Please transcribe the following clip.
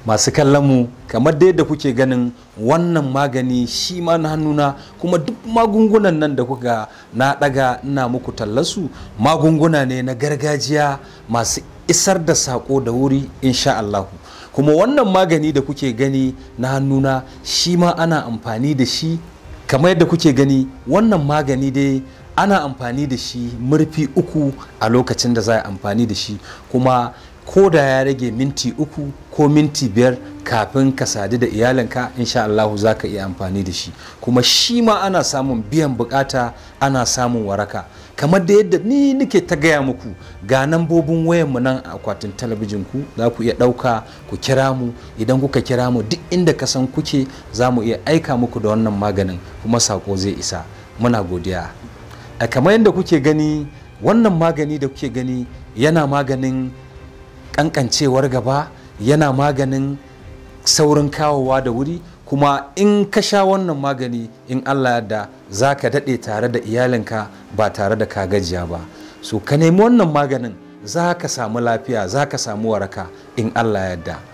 masu kallon mu kamar da yadda kuke ganin wannan magani shi ma na hannuna kuma duk magungunan nan da kuka na daga ina muku tallasu magunguna ne na gargajiya masu isar da sako da wuri insha Allah kuma wannan magani da kuke gani na hannuna shi ma ana amfani da shi kamar yadda kuke gani wannan magani dai ana amfani da shi murfi uku a lokacin da za a amfani da shi kuma ko da ya rage minti uku ko minti biyar kafin ka sadu da iyalinka insha Allahu za ka iya amfani da shi kuma shi ma ana samun biyan bukata ana samun waraka kamar da yadda ni nake ta gaya muku ga nambobin wayanmu nan a akwatin talabijin ku za ku iya ɗauka ku kira mu idan kuka kira mu duk inda ka san kuke za mu iya aika muku da wannan maganin kuma sako zai isa muna godiya kamar yadda kuke gani wannan magani da kuke gani yana maganin kankancewar gaba yana maganin saurin kawowa da wuri kuma in ka sha wannan magani in allah da za ka daɗe tare da iyalinka ba tare da ka gajiya ba so ka nemi wannan maganin za ka samu lafiya za ka samu waraka in allah yadda